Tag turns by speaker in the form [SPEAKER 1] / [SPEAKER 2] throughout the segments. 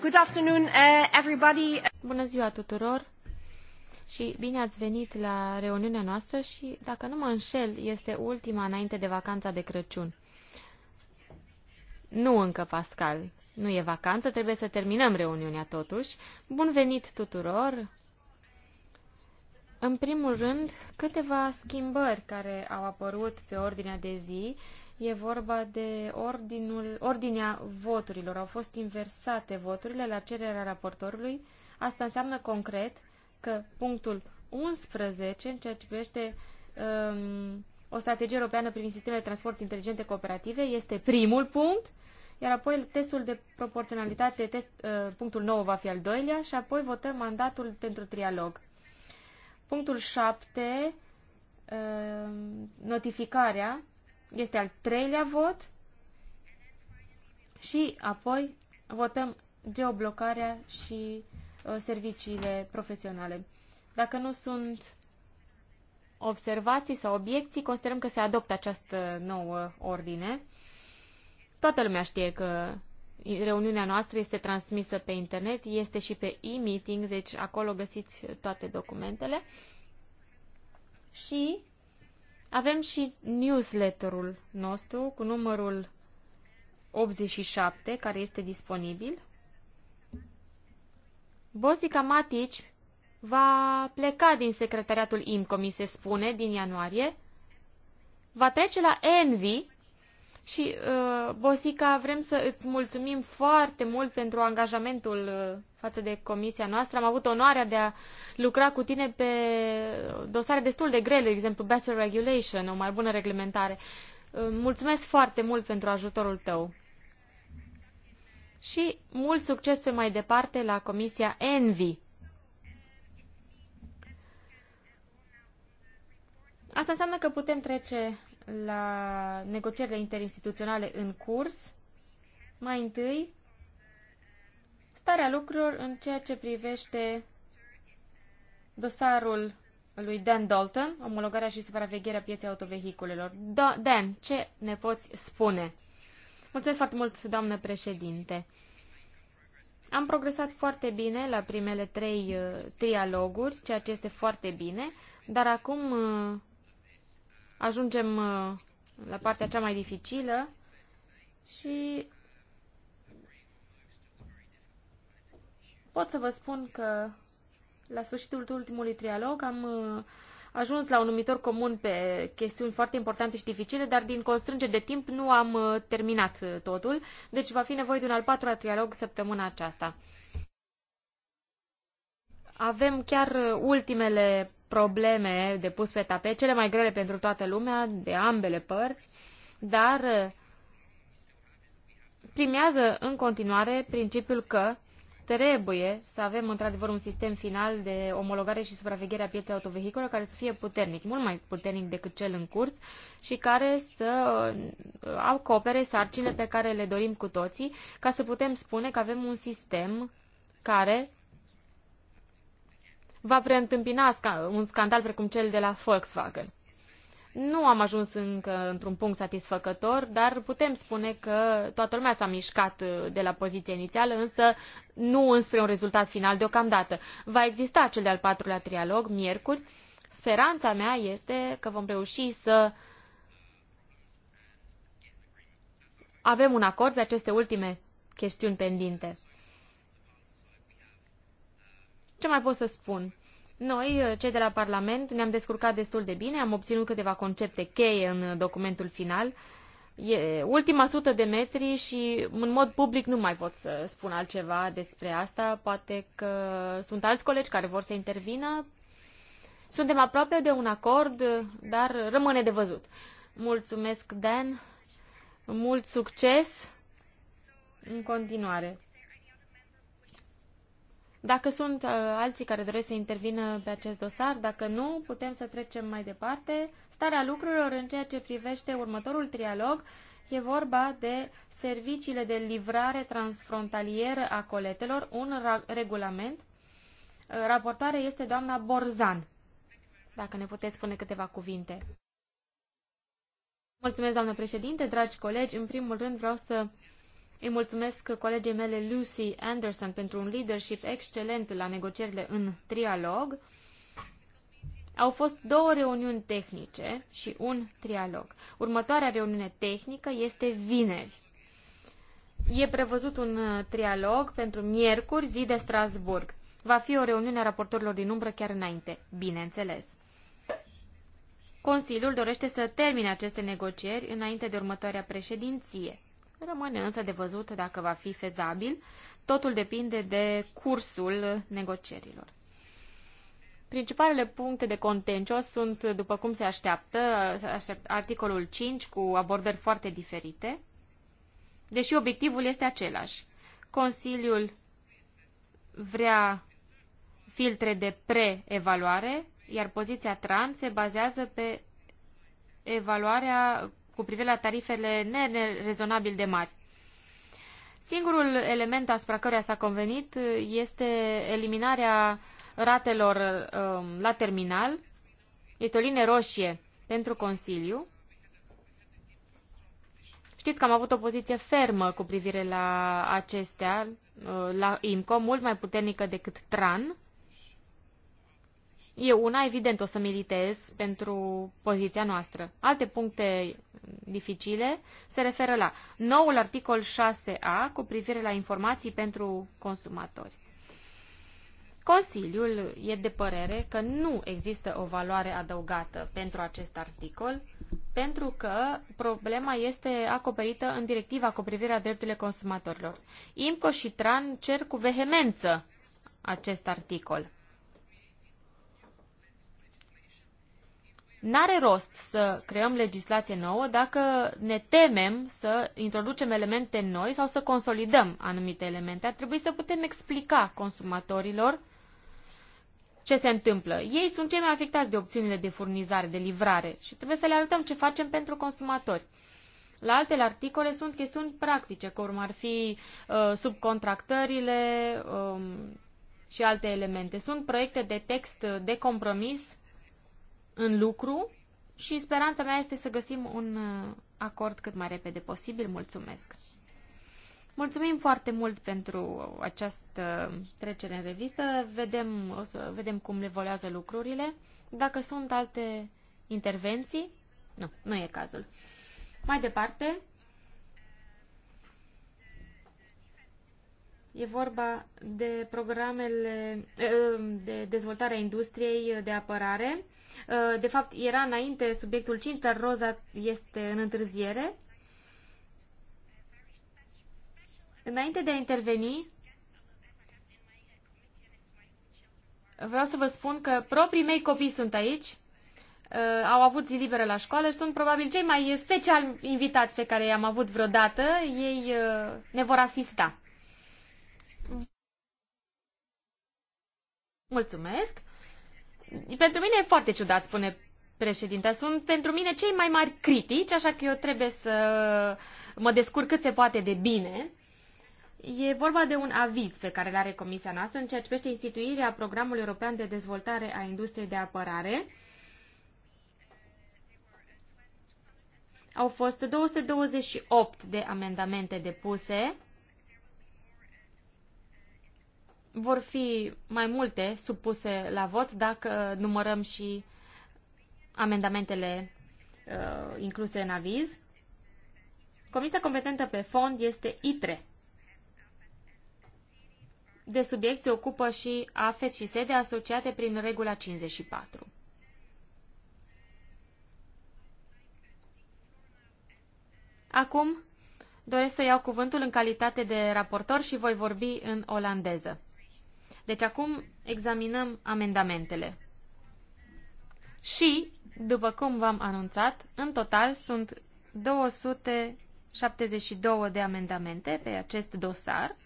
[SPEAKER 1] Good afternoon, uh, everybody. Bună ziua tuturor și bine ați venit la reuniunea noastră și, dacă nu mă înșel, este ultima înainte de vacanța de Crăciun. Nu încă, Pascal. Nu e vacanță, trebuie să terminăm reuniunea totuși. Bun venit tuturor! În primul rând, câteva schimbări care au apărut pe ordinea de zi E vorba de ordinul, ordinea voturilor. Au fost inversate voturile la cererea raportorului. Asta înseamnă concret că punctul 11, în ceea ce privește um, o strategie europeană privind sistemele de transport inteligente cooperative, este primul punct, iar apoi testul de proporționalitate, test, uh, punctul 9 va fi al doilea și apoi votăm mandatul pentru trialog. Punctul 7, uh, notificarea este al treilea vot și apoi votăm geoblocarea și uh, serviciile profesionale. Dacă nu sunt observații sau obiecții, considerăm că se adoptă această nouă ordine. Toată lumea știe că reuniunea noastră este transmisă pe internet, este și pe e-meeting, deci acolo găsiți toate documentele. Și avem și newsletterul nostru cu numărul 87, care este disponibil. Bozica Matici va pleca din secretariatul IMCO, mi se spune, din ianuarie. Va trece la ENVI și, uh, Bosica, vrem să îți mulțumim foarte mult pentru angajamentul uh, față de comisia noastră. Am avut onoarea de a lucra cu tine pe dosare destul de grele, de exemplu Better Regulation, o mai bună reglementare. Uh, mulțumesc foarte mult pentru ajutorul tău. Și mult succes pe mai departe la comisia Envy. Asta înseamnă că putem trece la negocierile interinstituționale în curs. Mai întâi, starea lucrurilor în ceea ce privește dosarul lui Dan Dalton, omologarea și supravegherea pieței autovehiculelor. Da, Dan, ce ne poți spune? Mulțumesc foarte mult, doamnă președinte. Am progresat foarte bine la primele trei uh, trialoguri, ceea ce este foarte bine, dar acum uh, ajungem uh, la partea cea mai dificilă și pot să vă spun că la sfârșitul ultimului trialog am uh, ajuns la un numitor comun pe chestiuni foarte importante și dificile, dar din constrângeri de timp nu am uh, terminat totul, deci va fi nevoie de un al patrulea trialog săptămâna aceasta. Avem chiar ultimele probleme de pus pe tapet, cele mai grele pentru toată lumea, de ambele părți, dar uh, primează în continuare principiul că trebuie să avem într-adevăr un sistem final de omologare și supraveghere a pieței autovehicole care să fie puternic, mult mai puternic decât cel în curs și care să uh, acopere sarcinile pe care le dorim cu toții ca să putem spune că avem un sistem care va preîntâmpina un scandal precum cel de la Volkswagen. Nu am ajuns încă într-un punct satisfăcător, dar putem spune că toată lumea s-a mișcat uh, de la poziția inițială, însă nu înspre un rezultat final deocamdată. Va exista cel de-al patrulea trialog, miercuri. Speranța mea este că vom reuși să avem un acord pe aceste ultime chestiuni pendinte. Ce mai pot să spun? Noi, eh, cei de la Parlament, ne-am descurcat destul de bine, am obținut câteva concepte cheie în eh, documentul final. E ultima sută de metri și în mod public nu mai pot să spun altceva despre asta. Poate că sunt alți colegi care vor să intervină. Suntem aproape de un acord, eh, dar rămâne de văzut. Mulțumesc, Dan. Mult succes în continuare. Dacă sunt uh, alții care doresc să intervină pe acest dosar, dacă nu, putem să trecem mai departe. Starea lucrurilor în ceea ce privește următorul trialog e vorba de serviciile de livrare transfrontalieră a coletelor, un regulament. Uh, raportoare este doamna Borzan, dacă ne puteți spune câteva cuvinte. Mulțumesc, doamnă președinte, dragi colegi. În primul rând vreau să îi mulțumesc colegii mele Lucy Anderson pentru un leadership excelent la negocierile în trialog. Au fost două reuniuni tehnice și un trialog. Următoarea reuniune tehnică este vineri. E prevăzut un uh, trialog pentru miercuri, zi de Strasburg. Va fi o reuniune a raportorilor din umbră chiar înainte, bineînțeles. Consiliul dorește să termine aceste negocieri înainte de următoarea președinție. Rămâne însă de văzut dacă va fi fezabil. Totul depinde de cursul negocierilor. Principalele puncte de contencios sunt, după cum se așteaptă, articolul 5 cu abordări foarte diferite, deși obiectivul este același. Consiliul vrea filtre de pre-evaluare, iar poziția trans se bazează pe evaluarea cu privire la tarifele nerezonabil de mari. Singurul element asupra căruia s-a convenit uh, este eliminarea ratelor um, la terminal. Este o linie roșie pentru Consiliu. Știți că am avut o poziție fermă cu privire la acestea, uh, la IMCO, mult mai puternică decât TRAN. Eu una, evident, o să militez pentru poziția noastră. Alte puncte dificile se referă la noul articol 6a cu privire la informații pentru consumatori. Consiliul e de părere că nu există o valoare adăugată pentru acest articol, pentru că problema este acoperită în directiva cu privire la drepturile consumatorilor. IMCO și TRAN cer cu vehemență acest articol. N-are rost să creăm legislație nouă dacă ne temem să introducem elemente noi sau să consolidăm anumite elemente. Ar trebui să putem explica consumatorilor ce se întâmplă. Ei sunt cei mai afectați de opțiunile de furnizare, de livrare și trebuie să le arătăm ce facem pentru consumatori. La altele articole sunt chestiuni practice, cum ar fi uh, subcontractările um, și alte elemente. Sunt proiecte de text de compromis în lucru și speranța mea este să găsim un uh, acord cât mai repede posibil. Mulțumesc! Mulțumim foarte mult pentru această trecere în revistă. Vedem, o să vedem cum evoluează lucrurile. Dacă sunt alte intervenții, nu, nu e cazul. Mai departe, E vorba de programele de dezvoltare a industriei de apărare. De fapt, era înainte subiectul 5, dar Roza este în întârziere. Înainte de a interveni, vreau să vă spun că proprii mei copii sunt aici, au avut zi liberă la școală și sunt probabil cei mai special invitați pe care i-am avut vreodată. Ei ne vor asista. Mulțumesc. Pentru mine e foarte ciudat, spune președinte. Sunt pentru mine cei mai mari critici, așa că eu trebuie să mă descurc cât se poate de bine. E vorba de un aviz pe care îl are Comisia noastră în ceea ce privește instituirea Programului European de Dezvoltare a Industriei de Apărare. Au fost 228 de amendamente depuse vor fi mai multe supuse la vot dacă numărăm și amendamentele uh, incluse în aviz. Comisia competentă pe fond este ITRE. De subiect se ocupă și AFET și sede asociate prin regula 54. Acum doresc să iau cuvântul în calitate de raportor și voi vorbi în olandeză. Deci acum examinăm amendamentele. Și, după cum v-am anunțat, în total sunt 272 de amendamente pe acest dosar.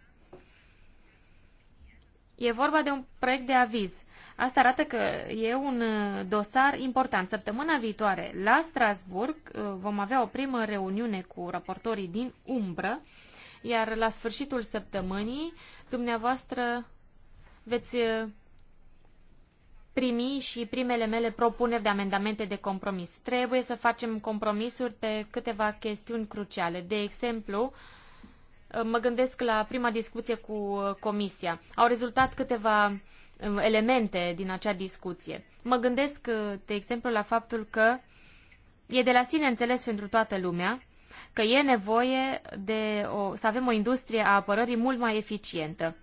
[SPEAKER 1] E vorba de un proiect de aviz. Asta arată că e un uh, dosar important. Săptămâna viitoare, la Strasburg, uh, vom avea o primă reuniune cu raportorii din umbră, iar la sfârșitul săptămânii, dumneavoastră veți eh, primi și primele mele propuneri de amendamente de compromis. Trebuie să facem compromisuri pe câteva chestiuni cruciale. De exemplu, eh, mă gândesc la prima discuție cu eh, Comisia. Au rezultat câteva elemente din acea discuție. Mă gândesc, de exemplu, la faptul că e de la sine înțeles pentru toată lumea că e nevoie de o, să avem o industrie a apărării mult mai eficientă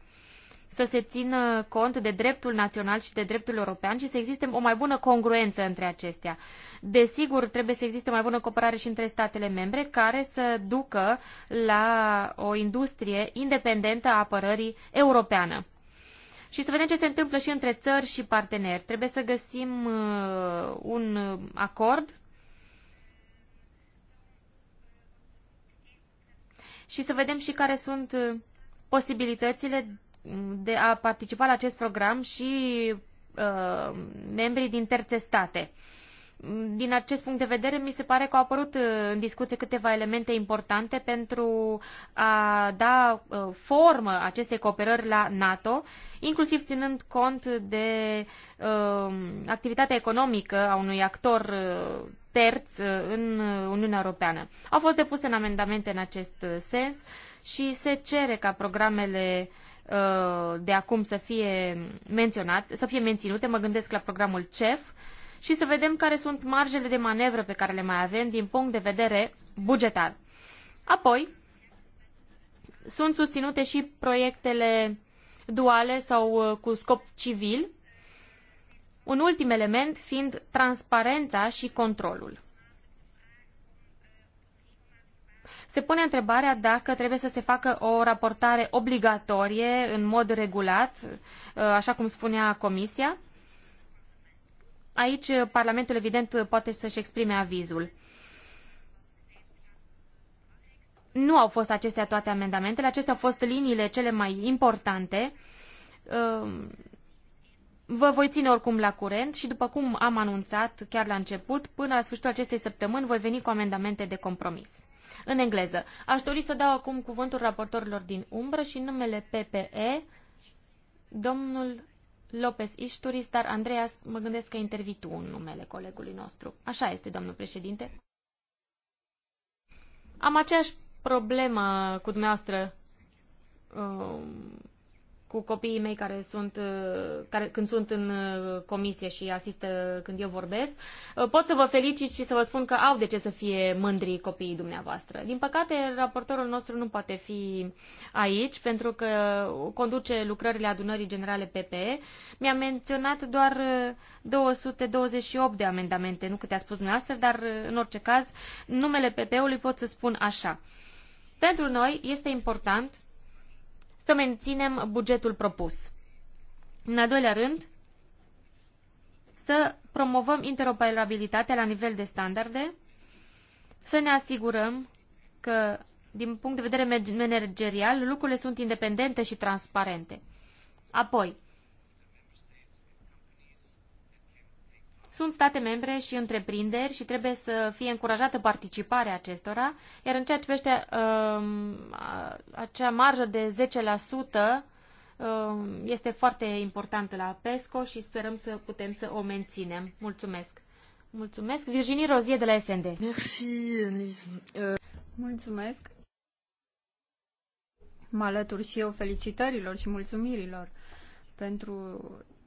[SPEAKER 1] să se țină cont de dreptul național și de dreptul european și să existe o mai bună congruență între acestea. Desigur, trebuie să existe o mai bună cooperare și între statele membre care să ducă la o industrie independentă a apărării europeană. Și să vedem ce se întâmplă și între țări și parteneri. Trebuie să găsim uh, un acord și să vedem și care sunt uh, posibilitățile de a participa la acest program și uh, membrii din terțe state. Din acest punct de vedere, mi se pare că au apărut uh, în discuție câteva elemente importante pentru a da uh, formă acestei cooperări la NATO, inclusiv ținând cont de uh, activitatea economică a unui actor uh, terț în Uniunea Europeană. Au fost depuse în amendamente în acest sens și se cere ca programele uh, Uh, de acum să fie menționat, să fie menținute, mă gândesc la programul CEF și să vedem care sunt marjele de manevră pe care le mai avem din punct de vedere bugetar. Apoi, sunt susținute și proiectele duale sau uh, cu scop civil, un ultim element fiind transparența și controlul se pune întrebarea dacă trebuie să se facă o raportare obligatorie în mod regulat, uh, așa cum spunea Comisia. Aici uh, Parlamentul, evident, uh, poate să-și exprime avizul. Nu au fost acestea toate amendamentele, acestea au fost liniile cele mai importante Vă voi ține oricum la curent și, după cum am anunțat chiar la început, până la sfârșitul acestei săptămâni voi veni cu amendamente de compromis. În engleză. Aș dori să dau acum cuvântul raportorilor din umbră și numele PPE, domnul Lopez ișturi, dar Andreas, mă gândesc că intervii tu în numele colegului nostru. Așa este, domnul președinte. Am aceeași problemă cu dumneavoastră. Um, cu copiii mei care sunt, uh, care, când sunt în uh, comisie și asistă când eu vorbesc, uh, pot să vă felicit și să vă spun că au de ce să fie mândri copiii dumneavoastră. Din păcate, raportorul nostru nu poate fi aici pentru că conduce lucrările adunării generale PPE. Mi-a menționat doar 228 de amendamente, nu câte a spus dumneavoastră, dar în orice caz, numele PPE-ului pot să spun așa. Pentru noi este important să menținem bugetul propus. În al doilea rând, să promovăm interoperabilitatea la nivel de standarde, să ne asigurăm că, din punct de vedere managerial, lucrurile sunt independente și transparente. Apoi, Sunt state membre și întreprinderi și trebuie să fie încurajată participarea acestora, iar în ceea ce privește uh, acea marjă de 10%, um, este foarte importantă la PESCO și sperăm să putem să o menținem. Mulțumesc! Mulțumesc! Virginie Rozie de la
[SPEAKER 2] SND. Merci, Liz. Uh, mulțumesc! Mă alătur și eu felicitărilor și mulțumirilor pentru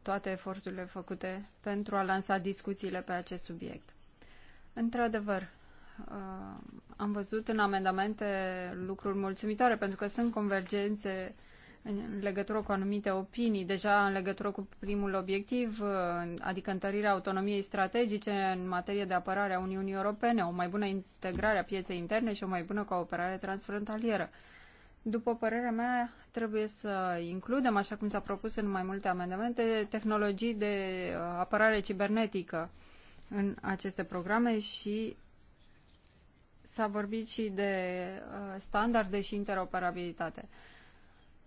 [SPEAKER 2] toate eforturile făcute pentru a lansa discuțiile pe acest subiect. Într-adevăr, uh, am văzut în amendamente lucruri mulțumitoare, pentru că sunt convergențe în legătură cu anumite opinii, deja în legătură cu primul obiectiv, uh, adică întărirea autonomiei strategice în materie de apărare a Uniunii Europene, o mai bună integrare a pieței interne și o mai bună cooperare transfrontalieră. După părerea mea, trebuie să includem, așa cum s-a propus în mai multe amendamente, tehnologii de uh, apărare cibernetică în aceste programe și s-a vorbit și de uh, standarde și interoperabilitate.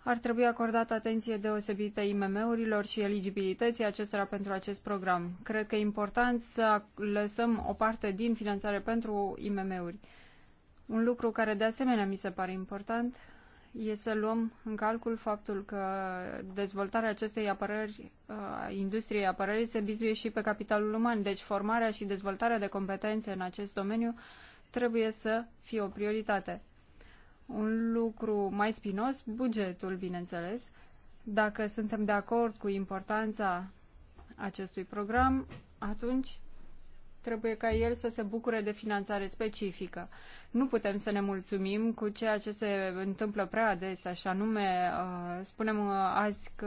[SPEAKER 2] Ar trebui acordată atenție deosebită IMM-urilor și eligibilității acestora pentru acest program. Cred că e important să lăsăm o parte din finanțare pentru IMM-uri. Un lucru care de asemenea mi se pare important e să luăm în calcul faptul că dezvoltarea acestei apărări, uh, industriei apărării, se bizuie și pe capitalul uman. Deci formarea și dezvoltarea de competențe în acest domeniu trebuie să fie o prioritate. Un lucru mai spinos, bugetul, bineînțeles. Dacă suntem de acord cu importanța acestui program, atunci trebuie ca el să se bucure de finanțare specifică. Nu putem să ne mulțumim cu ceea ce se întâmplă prea adesea, așa nume, uh, spunem uh, azi că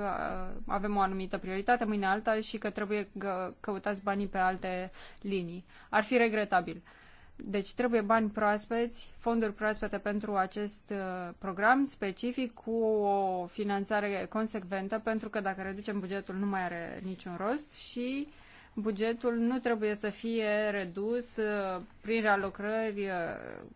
[SPEAKER 2] uh, avem o anumită prioritate, mâine alta și că trebuie că căutați banii pe alte linii. Ar fi regretabil. Deci trebuie bani proaspeți, fonduri proaspete pentru acest program specific cu o finanțare consecventă, pentru că dacă reducem bugetul nu mai are niciun rost și bugetul nu trebuie să fie redus uh, prin realocrări uh,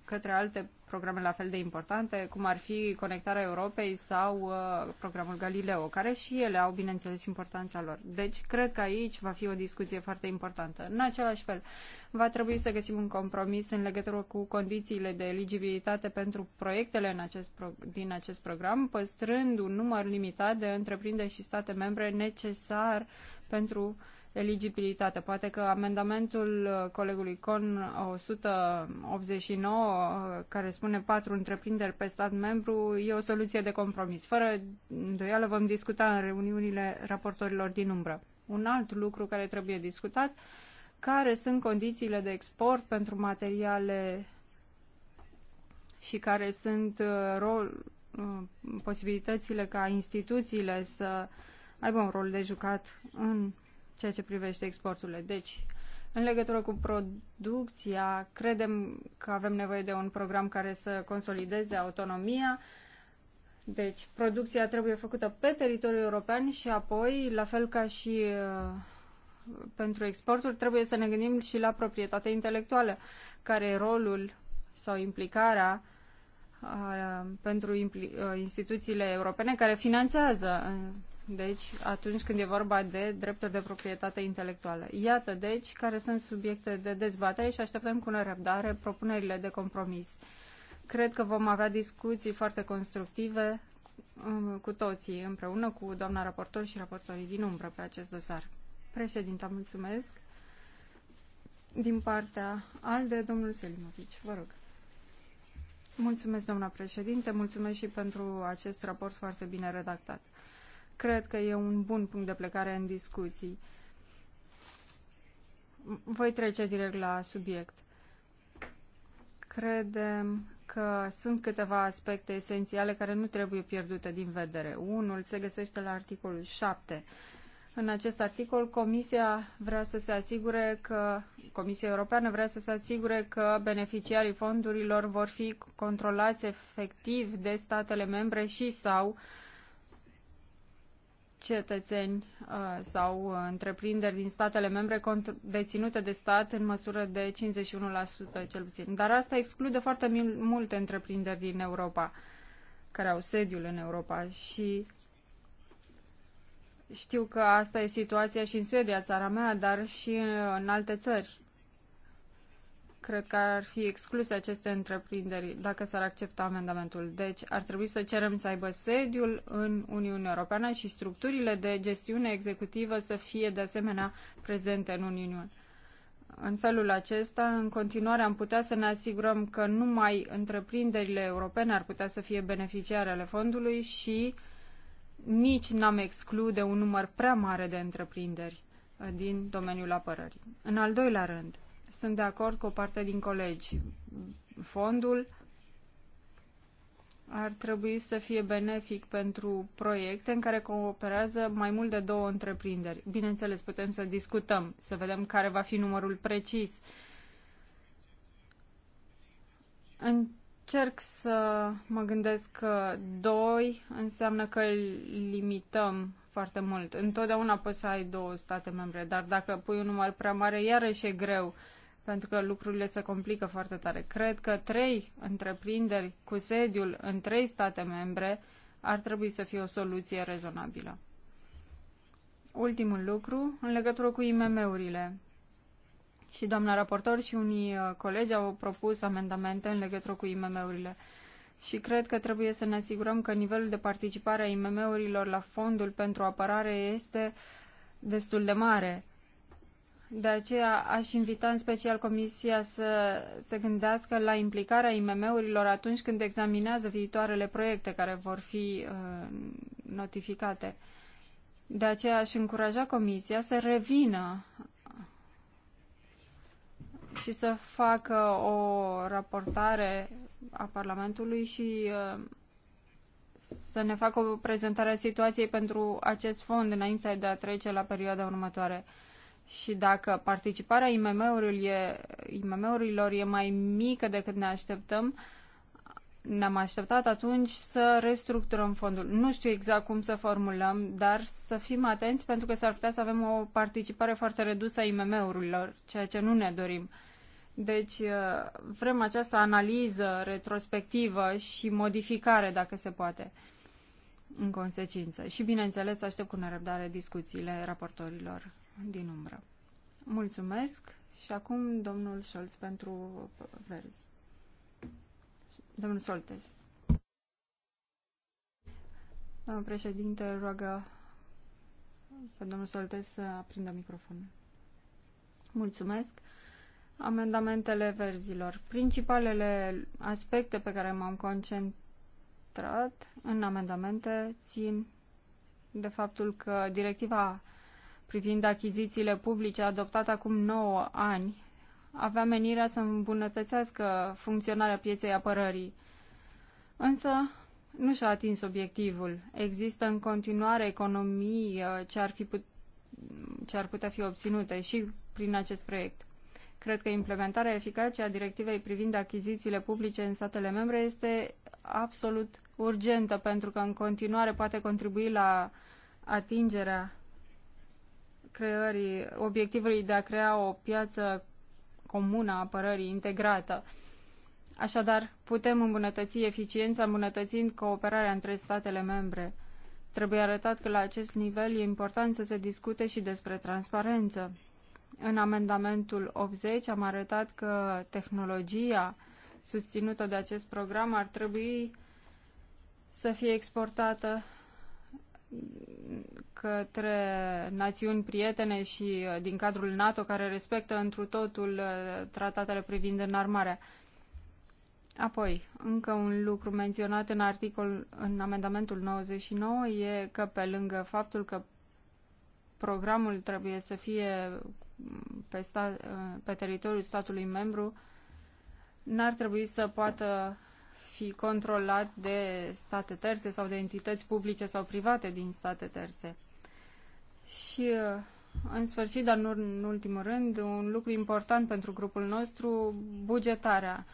[SPEAKER 2] către alte programe la fel de importante, cum ar fi Conectarea Europei sau uh, programul Galileo, care și ele au, bineînțeles, importanța lor. Deci, cred că aici va fi o discuție foarte importantă. În același fel, va trebui să găsim un compromis în legătură cu condițiile de eligibilitate pentru proiectele în acest pro- din acest program, păstrând un număr limitat de întreprinderi și state membre necesar pentru uh, eligibilitate. Poate că amendamentul colegului Con 189, care spune patru întreprinderi pe stat membru, e o soluție de compromis. Fără îndoială vom discuta în reuniunile raportorilor din umbră. Un alt lucru care trebuie discutat, care sunt condițiile de export pentru materiale și care sunt uh, rol, uh, posibilitățile ca instituțiile să aibă un rol de jucat în ceea ce privește exporturile. Deci, în legătură cu producția, credem că avem nevoie de un program care să consolideze autonomia. Deci, producția trebuie făcută pe teritoriul european și apoi, la fel ca și uh, pentru exporturi, trebuie să ne gândim și la proprietatea intelectuală, care e rolul sau implicarea uh, pentru uh, instituțiile europene care finanțează deci atunci când e vorba de drepturi de proprietate intelectuală. Iată, deci, care sunt subiecte de dezbatere și așteptăm cu nerăbdare propunerile de compromis. Cred că vom avea discuții foarte constructive um, cu toții, împreună cu doamna raportor și raportorii din umbră pe acest dosar. Președinta, mulțumesc. Din partea ALDE, domnul Selimovici, vă rog. Mulțumesc, doamna președinte, mulțumesc și pentru acest raport foarte bine redactat cred că e un bun punct de plecare în discuții. Voi trece direct la subiect. Credem că sunt câteva aspecte esențiale care nu trebuie pierdute din vedere. Unul se găsește la articolul 7. În acest articol, Comisia vrea să se asigure că Comisia Europeană vrea să se asigure că beneficiarii fondurilor vor fi controlați efectiv de statele membre și sau uh, cetățeni uh, sau uh, întreprinderi din statele membre deținute de stat în măsură de 51% cel puțin. Dar asta exclude foarte multe întreprinderi din Europa care au sediul în Europa și știu că asta e situația și în Suedia, țara mea, dar și uh, în alte țări cred că ar fi excluse aceste întreprinderi dacă s-ar accepta amendamentul. Deci ar trebui să cerem să aibă sediul în Uniunea Europeană și structurile de gestiune executivă să fie de asemenea prezente în Uniune. În felul acesta, în continuare am putea să ne asigurăm că numai întreprinderile europene ar putea să fie beneficiare ale fondului și nici n-am exclude un număr prea mare de întreprinderi uh, din domeniul apărării. În al doilea rând, sunt de acord cu o parte din colegi. Fondul ar trebui să fie benefic pentru proiecte în care cooperează mai mult de două întreprinderi. Bineînțeles, putem să discutăm, să vedem care va fi numărul precis. Încerc să mă gândesc că doi înseamnă că limităm foarte mult. Întotdeauna poți să ai două state membre, dar dacă pui un număr prea mare, iarăși e greu uh, pentru că lucrurile se complică foarte tare. Cred că trei întreprinderi cu sediul în trei state membre ar trebui să fie o soluție rezonabilă. Ultimul lucru, în legătură cu IMM-urile. Și doamna raportor și unii uh, colegi au propus amendamente în legătură cu IMM-urile. Și cred că trebuie să ne asigurăm că nivelul de participare a IMM-urilor la fondul pentru apărare este destul de mare de aceea aș invita în special Comisia să se gândească la implicarea IMM-urilor atunci când examinează viitoarele proiecte care vor fi uh, notificate. De aceea aș încuraja Comisia să revină și să facă o raportare a Parlamentului și uh, să ne facă o prezentare a situației pentru acest fond înainte de a trece la perioada următoare. Și dacă participarea IMM-urilor IMM e mai mică decât ne așteptăm, ne-am așteptat atunci să restructurăm fondul. Nu știu exact cum să formulăm, dar să fim atenți pentru că s-ar putea să avem o participare foarte redusă a IMM-urilor, ceea ce nu ne dorim. Deci uh, vrem această analiză retrospectivă și modificare, dacă se poate, în consecință. Și, bineînțeles, aștept cu nerăbdare discuțiile raportorilor din umbră. Mulțumesc și acum domnul Scholz pentru verzi. Domnul Soltes. Domnul președinte roagă pe domnul Soltes să aprindă microfonul. Mulțumesc. Amendamentele verzilor. Principalele aspecte pe care m-am concentrat în amendamente țin de faptul că directiva privind achizițiile publice adoptat acum 9 ani avea menirea să îmbunătățească funcționarea pieței apărării. Însă nu și-a atins obiectivul. Există în continuare economii uh, ce ar, fi put- ce ar putea fi obținute și prin acest proiect. Cred că implementarea eficace a directivei privind achizițiile publice în statele membre este absolut urgentă pentru că în continuare poate contribui la atingerea creării, obiectivului de a crea o piață comună a apărării integrată. Așadar, putem îmbunătăți eficiența îmbunătățind cooperarea între statele membre. Trebuie arătat că la acest nivel e important să se discute și despre transparență. În amendamentul 80 am arătat că tehnologia susținută de acest program ar trebui să fie exportată către națiuni prietene și uh, din cadrul NATO care respectă întru totul uh, tratatele privind înarmarea. Apoi, încă un lucru menționat în articol, în amendamentul 99 e că pe lângă faptul că programul trebuie să fie pe, sta, uh, pe teritoriul statului membru, n-ar trebui să poată fi controlat de state terțe sau de entități publice sau private din state terțe. Și, uh, în sfârșit, dar nu în ultimul rând, un lucru important pentru grupul nostru, bugetarea.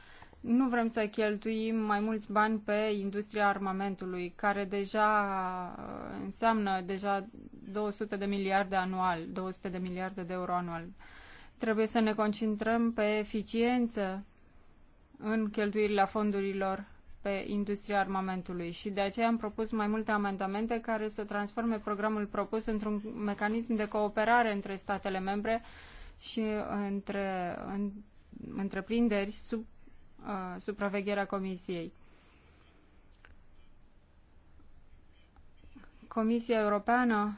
[SPEAKER 2] Nu vrem să cheltuim mai mulți bani pe industria armamentului, care deja uh, înseamnă deja 200 de miliarde anual, 200 de miliarde de euro anual. Trebuie să ne concentrăm pe eficiență în cheltuirile fondurilor pe industria armamentului și de aceea am propus mai multe amendamente care să transforme programul propus într-un mecanism de cooperare între statele membre și între în, întreprinderi sub uh, supravegherea Comisiei. Comisia Europeană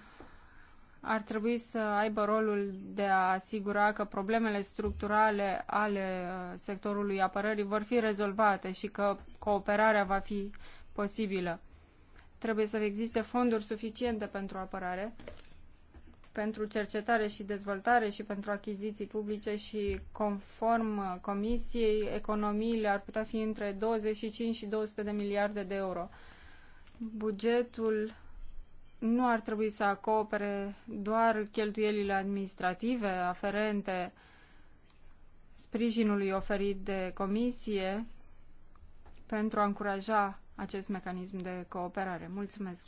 [SPEAKER 2] ar trebui să aibă rolul de a asigura că problemele structurale ale uh, sectorului apărării vor fi rezolvate și că cooperarea va fi posibilă. Trebuie să existe fonduri suficiente pentru apărare, pentru cercetare și dezvoltare și pentru achiziții publice și conform uh, comisiei, economiile ar putea fi între 25 și 200 de miliarde de euro. Bugetul nu ar trebui să acopere doar cheltuielile administrative aferente sprijinului oferit de comisie pentru a încuraja acest mecanism de cooperare. Mulțumesc.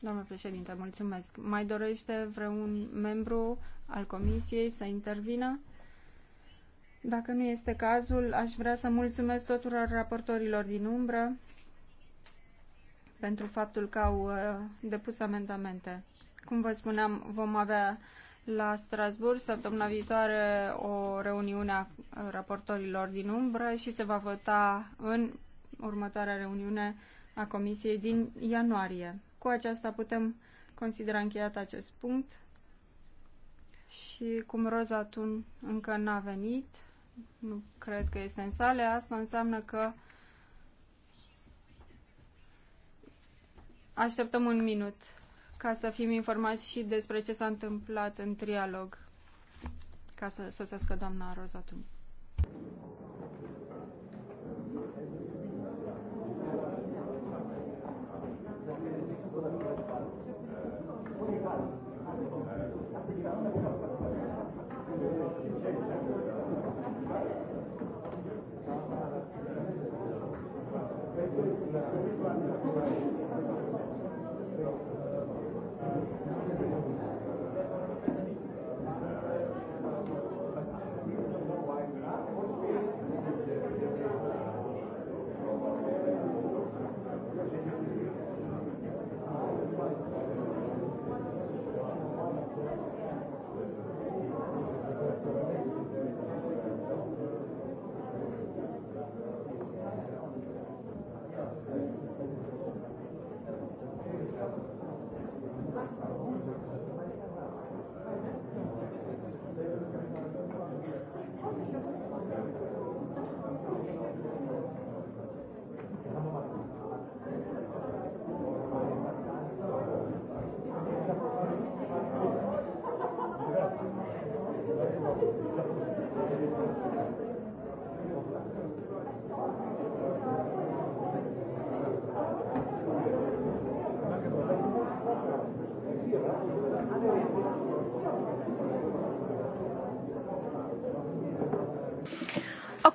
[SPEAKER 2] Doamnă președinte, mulțumesc. Mai dorește vreun membru al comisiei să intervină? Dacă nu este cazul, aș vrea să mulțumesc tuturor raportorilor din umbră pentru faptul că au uh, depus amendamente. Cum vă spuneam, vom avea la Strasburg săptămâna viitoare o reuniune a raportorilor din umbră și se va vota în următoarea reuniune a Comisiei din ianuarie. Cu aceasta putem considera încheiat acest punct și cum Roza Tun încă n-a venit, nu cred că este în sale, asta înseamnă că Așteptăm un minut ca să fim informați și despre ce s-a întâmplat în trialog, ca să sosească doamna Rozatun.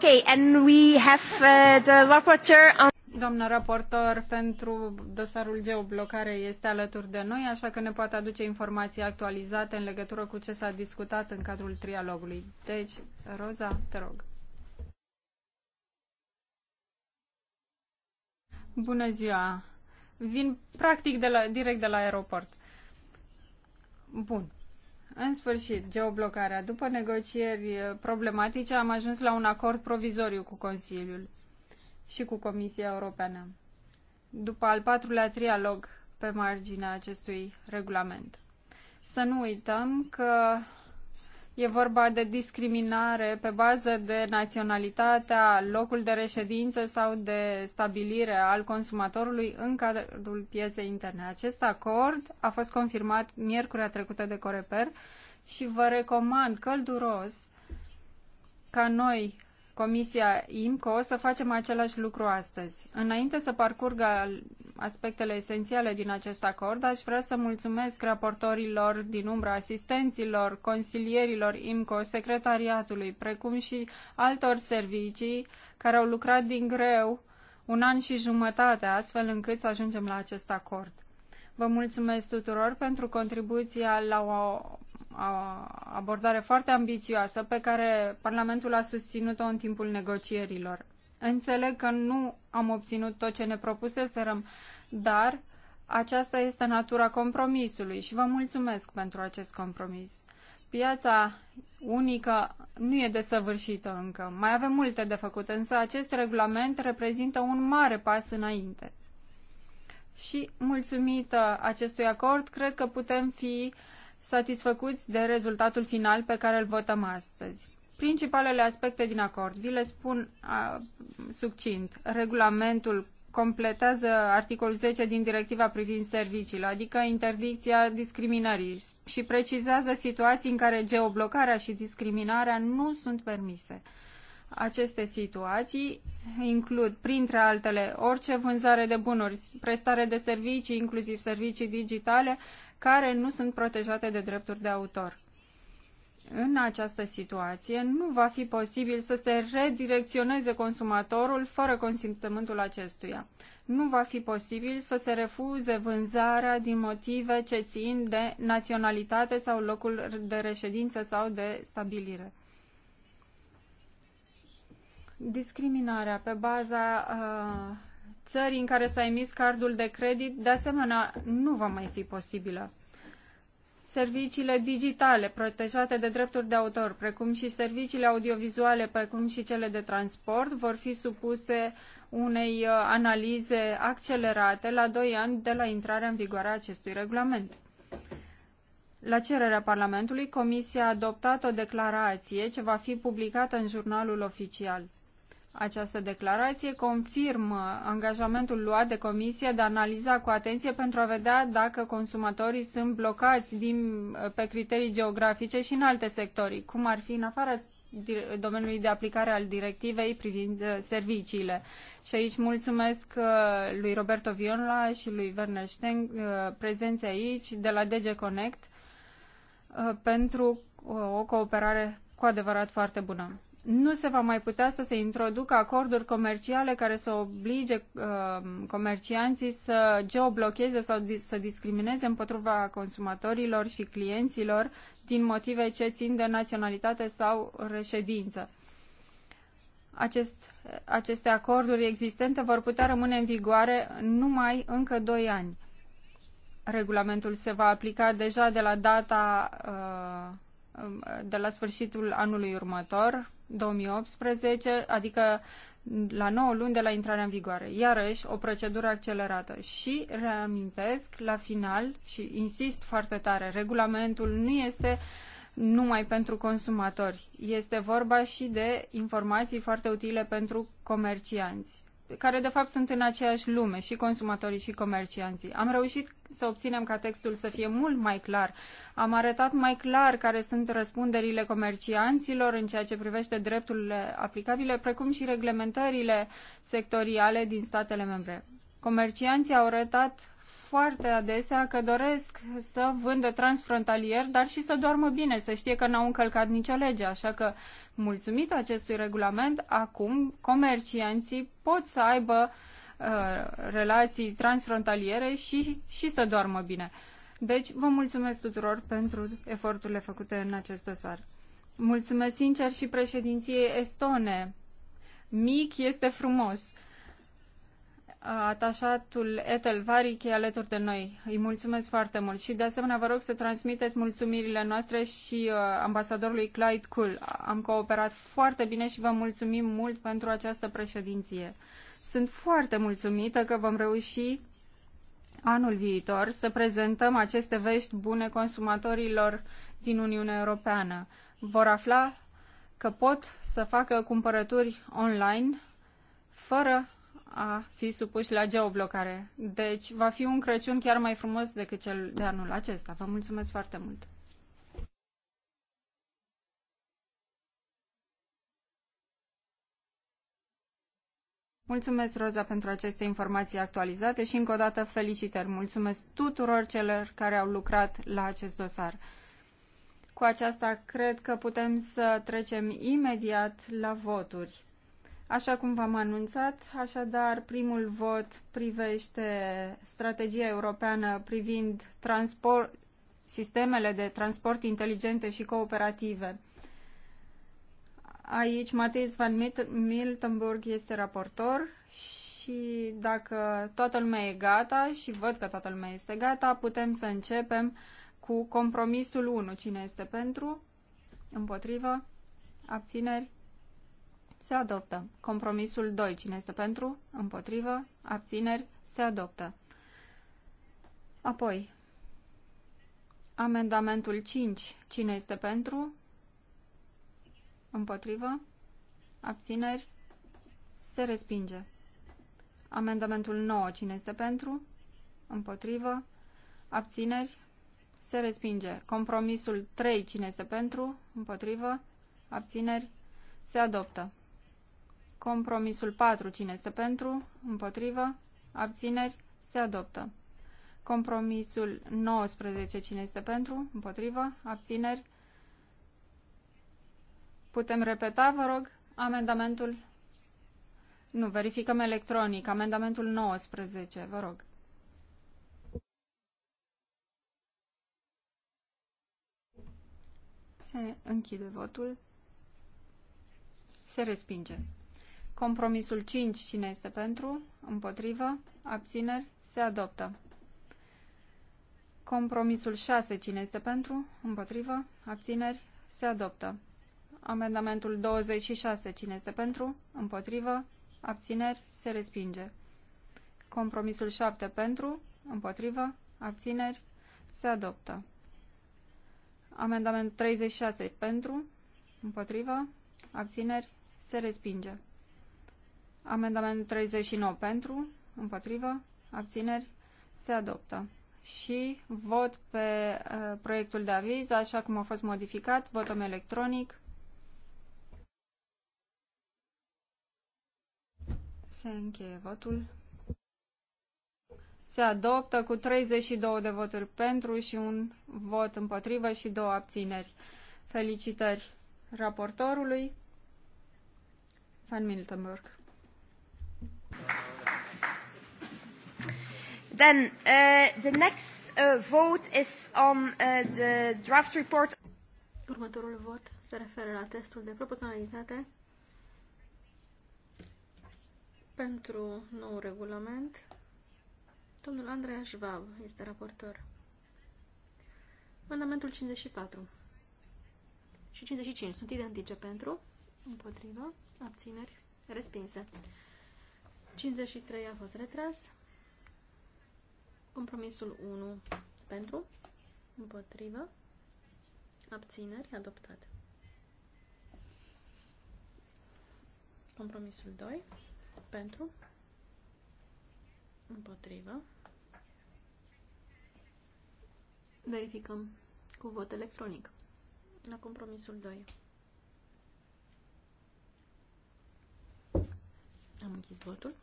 [SPEAKER 2] Okay, and we have uh, the rapporteur on... Doamna raportor pentru dosarul geoblocare este alături de noi, așa că ne poate aduce informații actualizate în legătură cu ce s-a discutat în cadrul trialogului. Deci, Roza, te rog. Bună ziua! Vin practic de la, direct de la aeroport. Bun. În sfârșit, geoblocarea. După negocieri eh, problematice, am ajuns la un acord provizoriu cu Consiliul și cu Comisia Europeană. După al patrulea trialog pe marginea acestui regulament. Să nu uităm că E vorba de discriminare pe bază de naționalitatea, locul de reședință sau de stabilire al consumatorului în cadrul pieței interne. Acest acord a fost confirmat miercurea trecută de Coreper și vă recomand călduros ca noi Comisia IMCO să facem același lucru astăzi. Înainte să parcurg aspectele esențiale din acest acord, aș vrea să mulțumesc raportorilor din umbră, asistenților, consilierilor IMCO, secretariatului, precum și altor servicii care au lucrat din greu un an și jumătate, astfel încât să ajungem la acest acord. Vă mulțumesc tuturor pentru contribuția la o abordare foarte ambițioasă pe care Parlamentul a susținut-o în timpul negocierilor. Înțeleg că nu am obținut tot ce ne propuseserăm, dar aceasta este natura compromisului și vă mulțumesc pentru acest compromis. Piața unică nu e desăvârșită încă. Mai avem multe de făcut, însă acest regulament reprezintă un mare pas înainte și mulțumită acestui acord, cred că putem fi satisfăcuți de rezultatul final pe care îl votăm astăzi. Principalele aspecte din acord, vi le spun a, succint. Regulamentul completează articolul 10 din directiva privind serviciile, adică interdicția discriminării și precizează situații în care geoblocarea și discriminarea nu sunt permise aceste situații includ, printre altele, orice vânzare de bunuri, prestare de servicii, inclusiv servicii digitale, care nu sunt protejate de drepturi de autor. În această situație, nu va fi posibil să se redirecționeze consumatorul fără consimțământul acestuia. Nu va fi posibil să se refuze vânzarea din motive ce țin de naționalitate sau locul de reședință sau de stabilire discriminarea pe baza uh, țării în care s-a emis cardul de credit, de asemenea, nu va mai fi posibilă. Serviciile digitale protejate de drepturi de autor, precum și serviciile audiovizuale, precum și cele de transport, vor fi supuse unei uh, analize accelerate la doi ani de la intrarea în vigoare a acestui regulament. La cererea Parlamentului, Comisia a adoptat o declarație ce va fi publicată în jurnalul oficial. Această declarație confirmă angajamentul luat de comisie de a analiza cu atenție pentru a vedea dacă consumatorii sunt blocați din, pe criterii geografice și în alte sectorii, cum ar fi în afara domeniului de aplicare al directivei privind uh, serviciile. Și aici mulțumesc uh, lui Roberto Vionla și lui Werner Steng uh, prezenți aici de la DG Connect pentru o cooperare cu adevărat foarte bună nu se va mai putea să se introducă acorduri comerciale care să oblige uh, comercianții să geoblocheze sau di- să discrimineze împotriva consumatorilor și clienților din motive ce țin de naționalitate sau reședință. Acest, aceste acorduri existente vor putea rămâne în vigoare numai încă 2 ani. Regulamentul se va aplica deja de la data uh, Um, de la sfârșitul anului următor, 2018, adică la 9 luni de la intrarea în vigoare. Iarăși, o procedură accelerată. Și reamintesc la final și insist foarte tare, regulamentul nu este numai pentru consumatori. Este vorba și de informații foarte utile pentru comercianți care de fapt sunt în aceeași lume, și consumatorii și comercianții. Am reușit să obținem ca textul să fie mult mai clar. Am arătat mai clar care sunt răspunderile comercianților în ceea ce privește drepturile aplicabile, precum și reglementările sectoriale din statele membre. Comercianții au arătat foarte adesea că doresc să vândă transfrontalier, dar și să doarmă bine, să știe că n-au încălcat nicio lege. Așa că, mulțumit acestui regulament, acum comercianții pot să aibă uh, relații transfrontaliere și, și să doarmă bine. Deci, vă mulțumesc tuturor pentru eforturile făcute în acest dosar. Mulțumesc sincer și președinției estone. Mic este frumos atașatul Etel Varic alături de noi. Îi mulțumesc foarte mult și de asemenea vă rog să transmiteți mulțumirile noastre și uh, ambasadorului Clyde Cool. Am cooperat foarte bine și vă mulțumim mult pentru această președinție. Sunt foarte mulțumită că vom reuși anul viitor să prezentăm aceste vești bune consumatorilor din Uniunea Europeană. Vor afla că pot să facă cumpărături online fără a fi supuși la geoblocare. Deci va fi un Crăciun chiar mai frumos decât cel de anul acesta. Vă mulțumesc foarte mult! Mulțumesc, Roza, pentru aceste informații actualizate și încă o dată felicitări. Mulțumesc tuturor celor care au lucrat la acest dosar. Cu aceasta cred că putem să trecem imediat la voturi. Așa cum v-am anunțat, așadar primul vot privește strategia europeană privind transport, sistemele de transport inteligente și cooperative. Aici Matheus van Miltenburg este raportor și dacă toată lumea e gata și văd că toată lumea este gata, putem să începem cu compromisul 1. Cine este pentru? Împotrivă? Abțineri? se adoptă. Compromisul 2. Cine este pentru? Împotrivă. Abțineri. Se adoptă. Apoi, amendamentul 5. Cine este pentru? Împotrivă. Abțineri. Se respinge. Amendamentul 9. Cine este pentru? Împotrivă. Abțineri. Se respinge. Compromisul 3. Cine este pentru? Împotrivă. Abțineri. Se adoptă. Compromisul 4. Cine este pentru? Împotrivă? Abțineri? Se adoptă. Compromisul 19. Cine este pentru? Împotrivă? Abțineri? Putem repeta, vă rog, amendamentul? Nu, verificăm electronic. Amendamentul 19, vă rog. Se închide votul. Se respinge. Compromisul 5, cine este pentru? Împotrivă? Abțineri? Se adoptă. Compromisul 6, cine este pentru? Împotrivă? Abțineri? Se adoptă. Amendamentul 26, cine este pentru? Împotrivă? Abțineri? Se respinge. Compromisul 7, pentru? Împotrivă? Abțineri? Se adoptă. Amendamentul 36, pentru? Împotrivă? Abțineri? Se respinge. Amendamentul 39 pentru, împotrivă, abțineri, se adoptă. Și vot pe uh, proiectul de aviz, așa cum a fost modificat, votăm electronic. Se încheie votul. Se adoptă cu 32 de voturi pentru și un vot împotrivă și două abțineri. Felicitări raportorului. Van Miltenburg. Then uh,
[SPEAKER 3] the next uh, vote is on uh, the draft report. Următorul vot se referă la testul de proporționalitate pentru nou regulament. Domnul Andreea Schwab este raportor. Amendamentul 54 și 55 sunt identice pentru, împotriva, abțineri, respinse. 53 a fost retras. Compromisul 1 pentru, împotrivă, abțineri, adoptat. Compromisul 2 pentru, împotrivă. Verificăm cu vot electronic la compromisul 2. Am închis votul.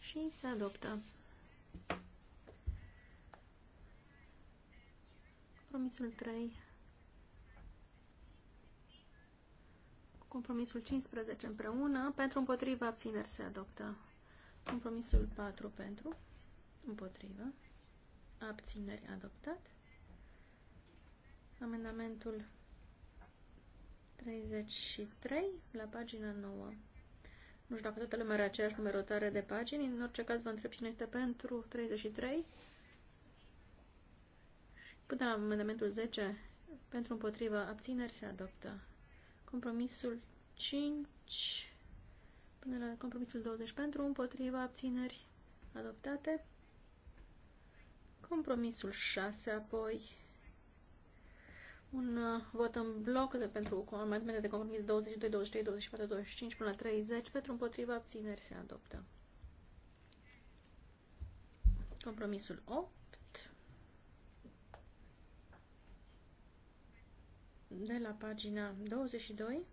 [SPEAKER 3] Și se adoptă. Compromisul 3. Compromisul 15 împreună. Pentru împotriva abțineri se adoptă. Compromisul 4 pentru împotriva Abțineri adoptat. Amendamentul 33 la pagina 9. Nu știu dacă toată lumea are aceeași numerotare de pagini. În orice caz, vă întreb cine este pentru 33. Și până la amendamentul 10, pentru împotriva abțineri se adoptă. Compromisul 5 până la compromisul 20 pentru împotriva abțineri adoptate. Compromisul 6 apoi un uh, vot în bloc de pentru amendamente de compromis 22, 23, 24, 25 până la 30 pentru împotriva abțineri se adoptă. Compromisul 8 de la pagina 22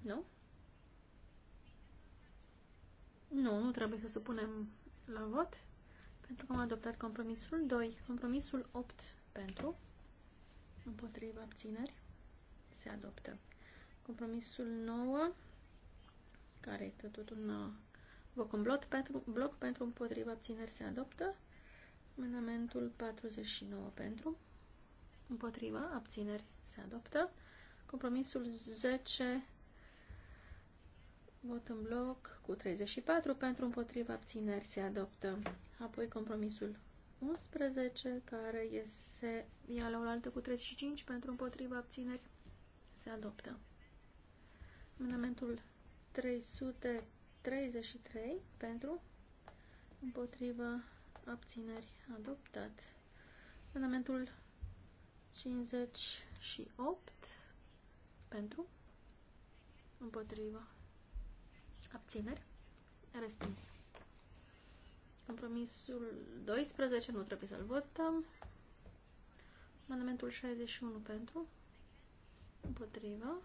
[SPEAKER 3] nu? Nu, nu trebuie să supunem la vot pentru că am adoptat compromisul 2 compromisul 8 pentru împotriva abțineri se adoptă. Compromisul 9, care este tot un uh, bloc în bloc pentru, bloc pentru împotriva abțineri se adoptă. Amendamentul 49 pentru împotriva abțineri se adoptă. Compromisul 10 Vot în bloc cu 34 pentru împotriva abțineri se adoptă. Apoi compromisul 11, care se ia la oaltă cu 35 pentru împotriva abțineri, se adoptă. Amendamentul 333 pentru împotriva abțineri, adoptat. Amendamentul 58 pentru împotriva abțineri, respins. Compromisul 12, nu trebuie să-l votăm. Amendamentul 61 pentru, împotrivă,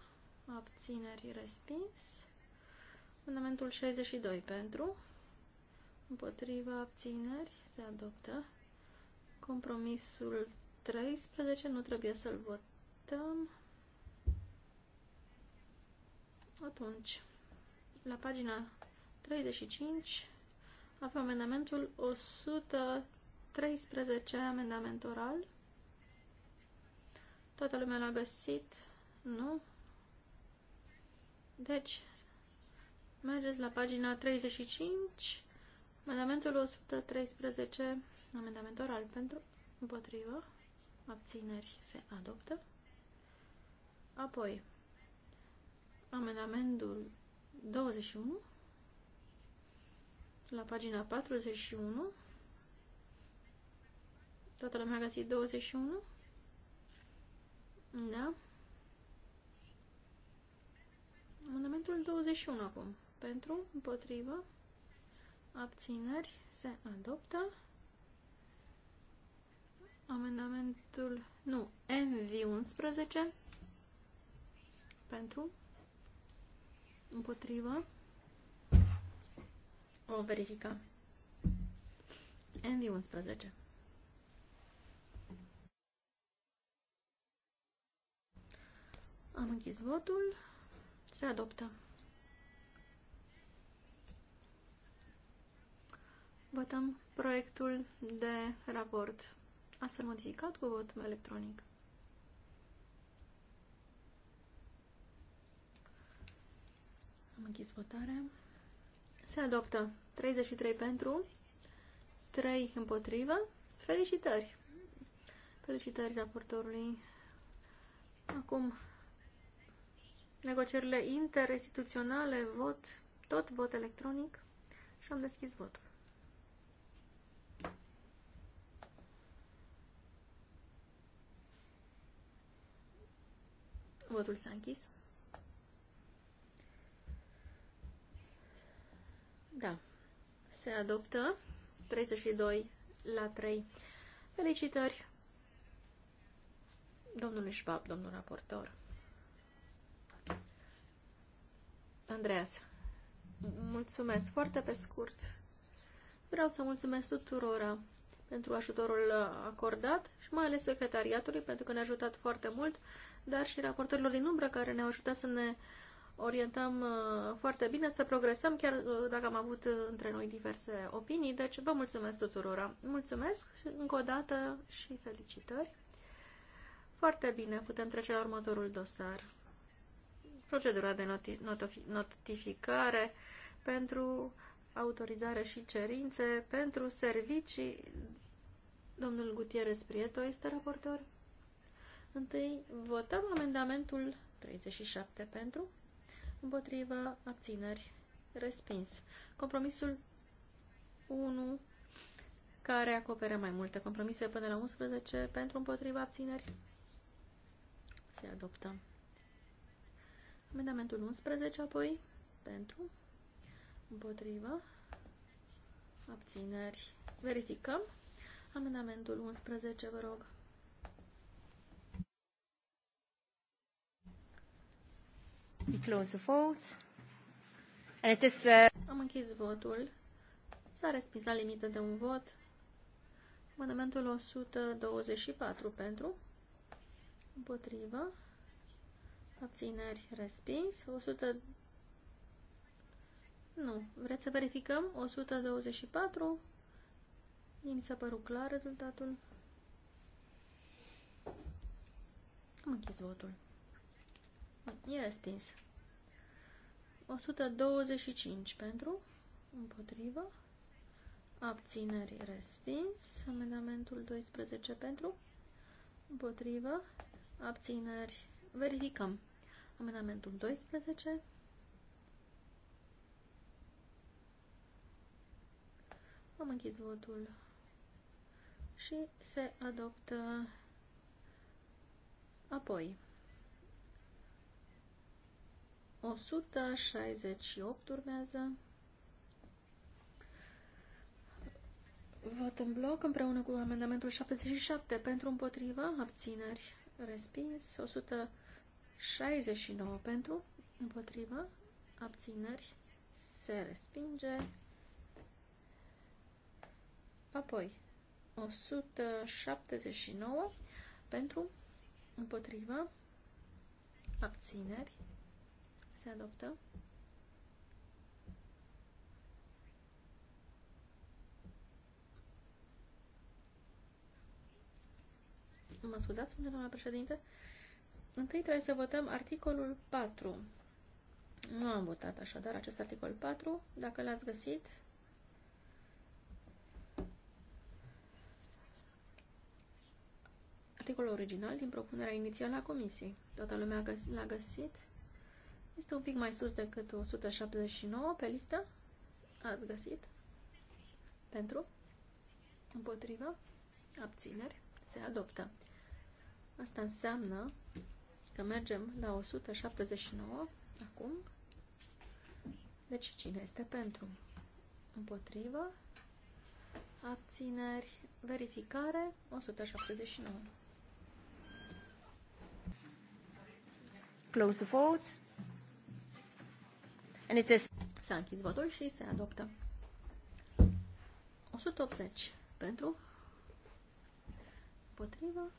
[SPEAKER 3] abțineri respins. Amendamentul 62 pentru, împotrivă, abțineri, se adoptă. Compromisul 13, nu trebuie să-l votăm. Atunci, la pagina 35, avem amendamentul 113, amendament oral. Toată lumea l-a găsit, nu? Deci, mergeți la pagina 35, amendamentul 113, amendament oral pentru împotrivă, abțineri se adoptă. Apoi, amendamentul 21 la pagina 41. Toată lumea a găsit 21? Da? Amendamentul 21 acum. Pentru, împotrivă, abțineri, se adoptă. Amendamentul, nu, MV11. Pentru, împotrivă, o verifica. MV11. Am închis votul. Se adoptă. Votăm proiectul de raport astfel modificat cu vot electronic. Am închis votarea. Se adoptă 33 pentru, 3 împotrivă. Felicitări! Felicitări raportorului. Acum, negocierile interinstituționale, vot, tot vot electronic și am deschis votul. Votul s-a închis. Da. Se adoptă. 32 la 3. Felicitări, domnului Șbab, domnul raportor. Andreas, mulțumesc foarte pe scurt. Vreau să mulțumesc tuturora pentru ajutorul acordat și mai ales secretariatului pentru că ne-a ajutat foarte mult, dar și raportorilor din umbră care ne-au ajutat să ne orientăm uh, foarte bine, să progresăm, chiar uh, dacă am avut uh, între noi diverse opinii. Deci vă mulțumesc tuturora. Mulțumesc încă o dată și felicitări. Foarte bine, putem trece la următorul dosar. Procedura de noti notificare pentru autorizare și cerințe pentru servicii. Domnul Gutierrez Prieto este raportor. Întâi votăm amendamentul 37 pentru, împotrivă, abțineri, respins. Compromisul 1, care acoperă mai multe compromise până la 11, pentru împotriva abțineri, se adoptă. Amendamentul 11, apoi, pentru, împotrivă, abțineri, verificăm. Amendamentul 11, vă rog.
[SPEAKER 2] close the vote.
[SPEAKER 3] And it is, uh... Am închis votul. S-a respins la limită de un vot. Amendamentul 124 pentru. Împotrivă. Abțineri respins. 100... Nu. Vreți să verificăm? 124. Mi s-a părut clar rezultatul. Am închis votul. E respins. 125 pentru, împotrivă, abțineri respins, amendamentul 12 pentru, împotrivă, abțineri, verificăm, amendamentul 12, am închis votul și se adoptă apoi. 168 urmează. Vot în bloc împreună cu amendamentul 77 pentru împotriva, abțineri, respins. 169 pentru împotriva, abțineri, se respinge. Apoi 179 pentru împotriva, abțineri, se adoptă. Mă scuzați, spune doamna președinte. Întâi trebuie să votăm articolul 4. Nu am votat așadar acest articol 4. Dacă l-ați găsit, articolul original din propunerea inițială a comisiei. Toată lumea l-a găsit? Este un pic mai sus decât 179 pe listă. Ați găsit? Pentru? Împotriva? Abțineri? Se adoptă. Asta înseamnă că mergem la 179 acum. Deci cine este pentru? Împotriva? Abțineri? Verificare? 179.
[SPEAKER 2] Close vote. And
[SPEAKER 3] it is... S-a închis votul și se adoptă. 180 pentru, împotrivă,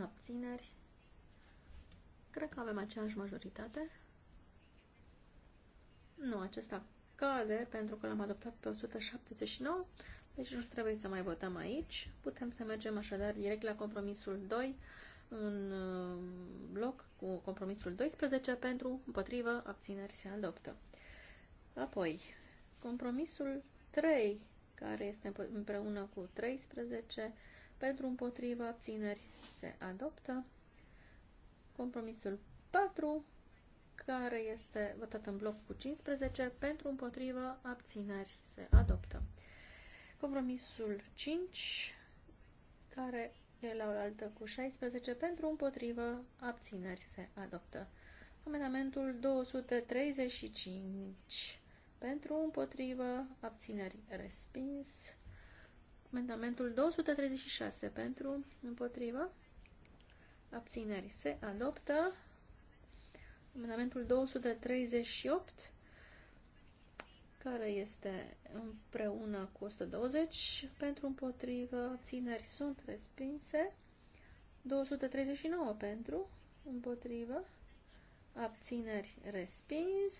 [SPEAKER 3] abțineri. Cred că avem aceeași majoritate. Nu, acesta cade pentru că l-am adoptat pe 179, deci nu trebuie să mai votăm aici. Putem să mergem așadar direct la compromisul 2 în bloc uh, cu compromisul 12 pentru, împotrivă, abțineri se adoptă. Apoi, compromisul 3, care este împreună cu 13, pentru, împotrivă, abțineri se adoptă. Compromisul 4, care este votat în bloc cu 15, pentru, împotrivă, abțineri se adoptă. Compromisul 5, care e la oaltă cu 16 pentru împotrivă, abțineri se adoptă. Amendamentul 235 pentru împotrivă, abțineri respins. Amendamentul 236 pentru împotrivă, abțineri se adoptă. Amendamentul 238 care este împreună cu 120 pentru împotrivă, abțineri sunt respinse, 239 pentru împotrivă, abțineri respins,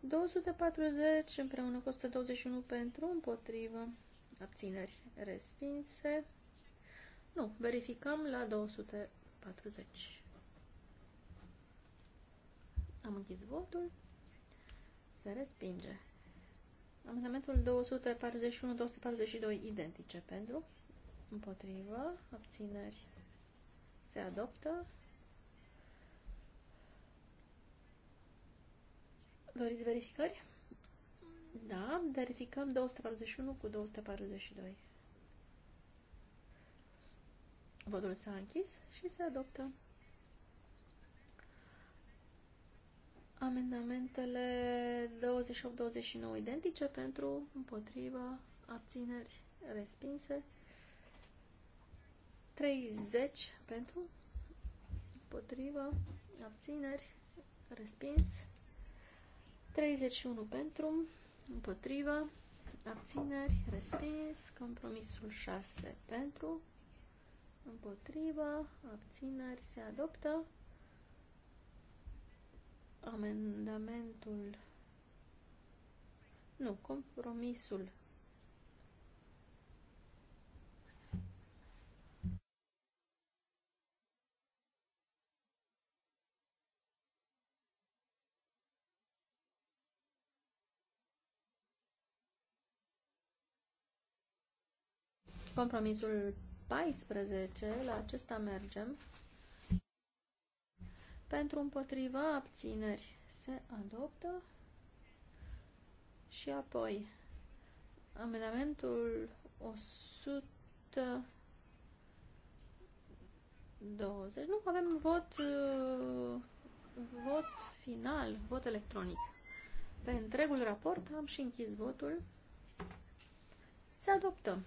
[SPEAKER 3] 240 împreună cu 121 pentru împotrivă, abțineri respinse, nu, verificăm la 240. Am închis votul. Se respinge. Amendamentul 241-242 identice pentru, împotrivă, abțineri se adoptă. Doriți verificări? Da, verificăm 241 cu 242. Votul s-a închis și se adoptă. Amendamentele 28-29 identice pentru, împotriva, abțineri, respinse. 30 pentru, împotriva, abțineri, respins. 31 pentru, împotriva, abțineri, respins. Compromisul 6 pentru, împotriva, abțineri, se adoptă. Amendamentul. Nu, compromisul. Compromisul 14, la acesta mergem pentru împotriva abțineri se adoptă și apoi amendamentul 100 20. Nu, avem vot, uh, vot final, vot electronic. Pe întregul raport am și închis votul. Se adoptă.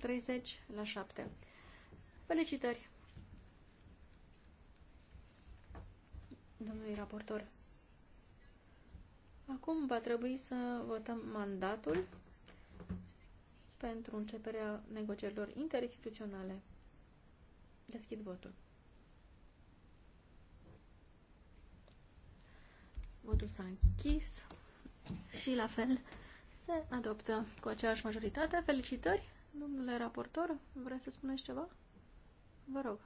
[SPEAKER 3] 30 la 7. Felicitări! domnului raportor. Acum va trebui să votăm mandatul pentru începerea negocierilor interinstituționale. Deschid votul. Votul s-a închis și la fel se adoptă cu aceeași majoritate. Felicitări, domnule raportor. Vreți să spuneți ceva? Vă rog.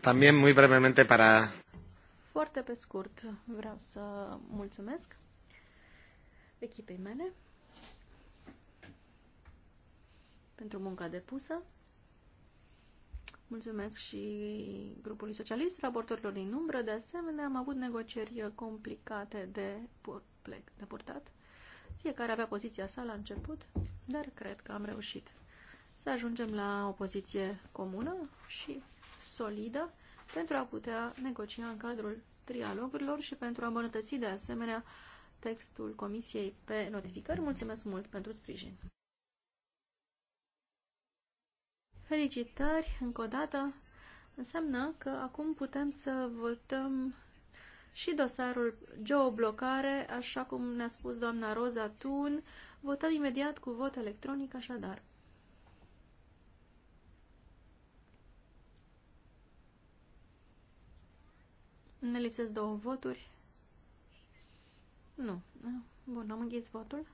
[SPEAKER 3] También muy brevemente para... Foarte pe scurt vreau să mulțumesc echipei mele pentru munca depusă. Mulțumesc și grupului socialist, raportorilor din umbră. De asemenea, am avut negocieri complicate de, plec, de purtat. Fiecare avea poziția sa la început, dar cred că am reușit să ajungem la o poziție comună și solidă pentru a putea negocia în cadrul trialogurilor și pentru a îmbunătăți de asemenea textul Comisiei pe notificări. Mulțumesc mult pentru sprijin! Felicitări încă o dată! Înseamnă că acum putem să votăm și dosarul geoblocare, așa cum ne-a spus doamna Roza Tun. Votăm imediat cu vot electronic, așadar. Ne lipsesc două voturi. Nu. Ah, bun, am închis votul.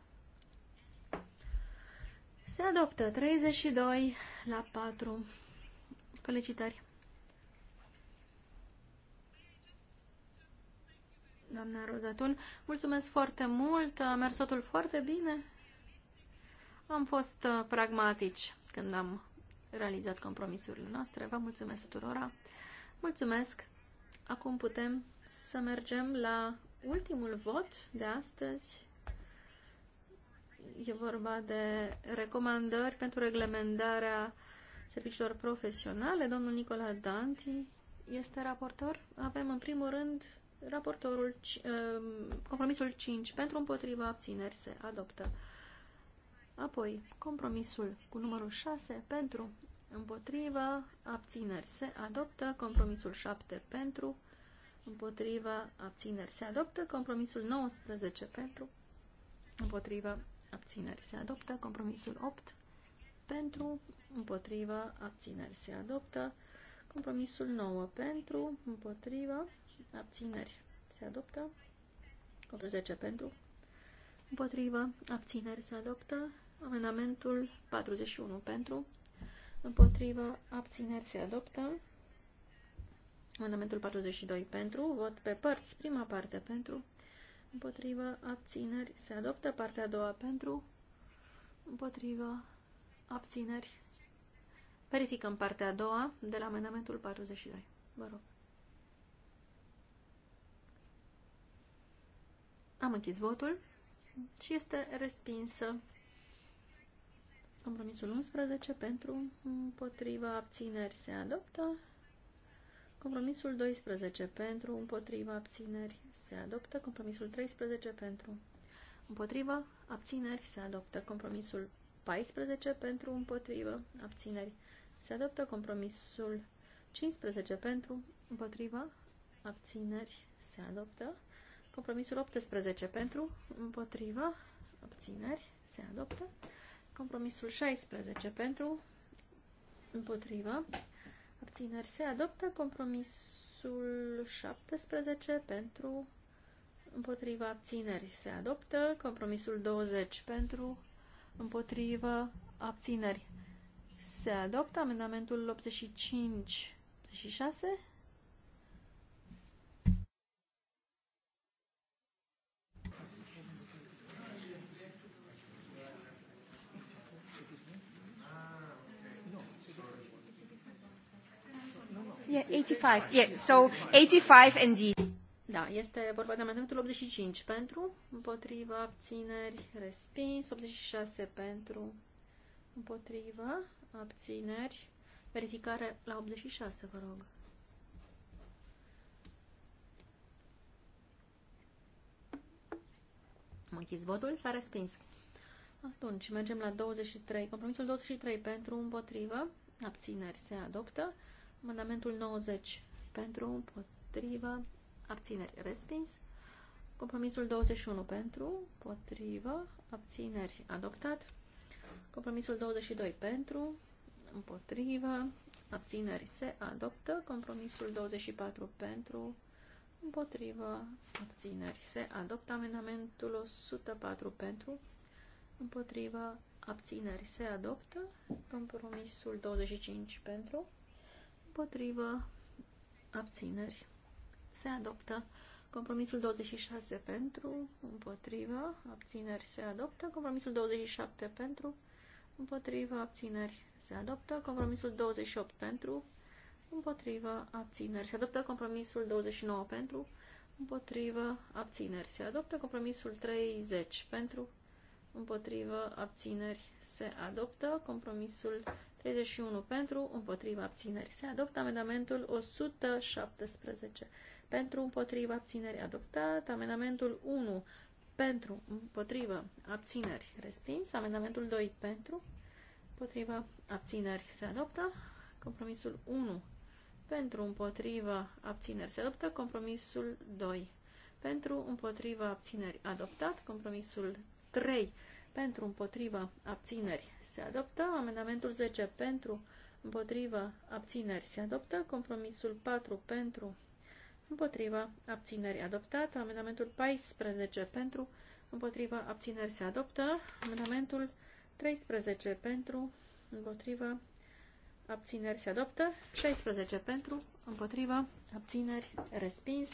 [SPEAKER 3] Se adoptă 32 la 4. Felicitări. Doamna Rozatul, mulțumesc foarte mult, a mers totul foarte bine. Am fost uh, pragmatici când am realizat compromisurile noastre. Vă mulțumesc tuturora. Mulțumesc Acum putem să mergem la ultimul vot de astăzi. E vorba de recomandări pentru reglementarea serviciilor profesionale. Domnul Nicola Danti este raportor. Avem în primul rând raportorul, ehm, compromisul 5 pentru împotriva abțineri se adoptă. Apoi, compromisul cu numărul 6 pentru împotrivă, abțineri se adoptă, compromisul 7 pentru, împotrivă, abțineri se adoptă, compromisul 19 pentru, împotrivă, abțineri se adoptă, compromisul 8 pentru, împotrivă, abțineri se adoptă, compromisul 9 pentru, împotrivă, abțineri se adoptă, compromisul 10 pentru, împotrivă, abțineri se adoptă, amendamentul 41 pentru, Împotrivă, abțineri se adoptă. Amendamentul 42 pentru, vot pe părți, prima parte pentru, împotrivă, abțineri se adoptă, partea a doua pentru, împotrivă, abțineri. Verificăm partea a doua de la amendamentul 42. Vă rog. Am închis votul și este respinsă. Compromisul 11 pentru împotriva abțineri se adoptă. Compromisul 12 pentru împotriva abțineri se adoptă. Compromisul 13 pentru împotriva abțineri se adoptă. Compromisul 14 pentru împotriva abțineri se adoptă. Compromisul 15 pentru împotriva abțineri se adoptă. Compromisul 18 pentru împotriva abțineri se adoptă. Compromisul 16 pentru, împotrivă, abțineri se adoptă. Compromisul 17 pentru, împotriva abțineri se adoptă. Compromisul 20 pentru, împotrivă, abțineri se adoptă. Amendamentul 85, 86
[SPEAKER 2] 85. Yeah, so 85 and Da,
[SPEAKER 3] este vorba de amendamentul 85 pentru, împotriva, abțineri, respins, 86 pentru, împotriva, abțineri, verificare la 86, vă rog. Am închis votul, s-a respins. Atunci, mergem la 23. Compromisul 23 pentru, împotrivă, abțineri se adoptă. Mandamentul 90 pentru, împotrivă, abțineri, respins. Compromisul 21 pentru, împotrivă, abțineri, adoptat. Compromisul 22 pentru, împotrivă, abțineri, se adoptă. Compromisul 24 pentru, împotrivă, abțineri, se adoptă. Amendamentul 104 pentru, împotrivă, abțineri, se adoptă. Compromisul 25 pentru, împotrivă, abțineri, se adoptă. Compromisul 26 pentru, împotrivă, abțineri, se adoptă. Compromisul 27 pentru, împotrivă, abțineri, se adoptă. Compromisul 28 pentru, împotrivă, abțineri, se adoptă. Compromisul 29 pentru, împotrivă, abțineri, se adoptă. Compromisul 30 pentru, împotrivă, abțineri, se adoptă. Compromisul 31 pentru, împotriva abțineri. Se adoptă amendamentul 117 pentru, împotriva abțineri. Adoptat amendamentul 1 pentru, împotriva abțineri. Respins amendamentul 2 pentru, împotriva abțineri. Se adoptă compromisul 1 pentru, împotriva abțineri. Se adoptă compromisul 2 pentru, împotriva abțineri. Adoptat compromisul 3 pentru, împotriva abțineri se adoptă, amendamentul 10 pentru, împotriva abțineri se adoptă, compromisul 4 pentru, împotriva abțineri adoptat, amendamentul 14 pentru, împotriva abțineri se adoptă, amendamentul 13 pentru, împotriva abțineri se adoptă, 16 pentru, împotriva abțineri respins,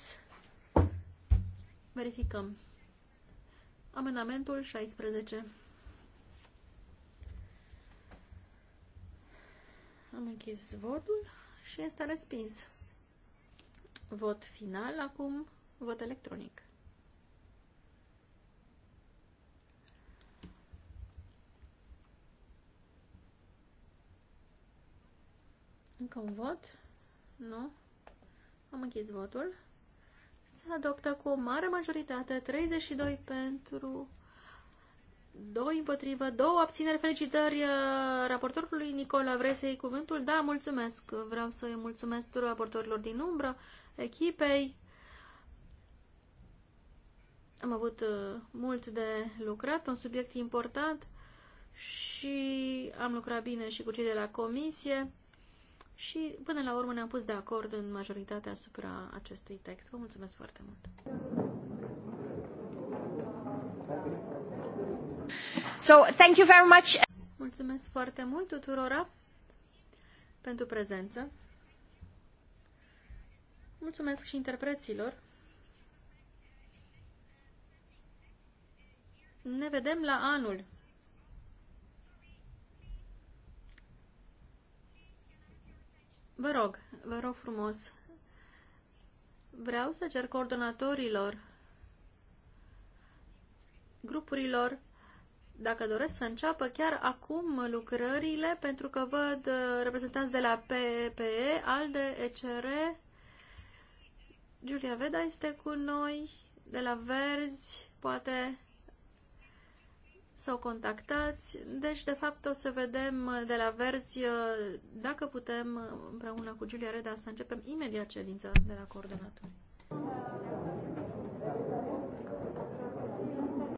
[SPEAKER 3] verificăm Amendamentul 16. Am închis votul și este respins. Vot final, acum vot electronic. Încă un vot? Nu. Am închis votul se adoptă cu o mare majoritate, 32 pentru, 2 împotrivă, 2 abțineri. Felicitări uh, raportorului Nicola, vrei să iei cuvântul? Da, mulțumesc. Vreau să-i mulțumesc tuturor raportorilor din umbră, echipei. Am avut uh, mult de lucrat, un subiect important și am lucrat bine și cu cei de la comisie și până la urmă ne-am pus de acord în majoritatea asupra acestui text. Vă mulțumesc foarte mult!
[SPEAKER 2] So, thank you very much.
[SPEAKER 3] Mulțumesc foarte mult tuturora pentru prezență. Mulțumesc și interpreților. Ne vedem la anul. Vă rog, vă rog frumos, vreau să cer coordonatorilor grupurilor dacă doresc să înceapă chiar acum lucrările, pentru că văd uh, reprezentanți de la PPE, ALDE, ECR, Giulia Veda este cu noi, de la Verzi, poate să o contactați. Deci, de fapt, o să vedem de la Verzi uh, dacă putem, uh, împreună cu Giulia Reda, să începem imediat ședința de la coordonatori.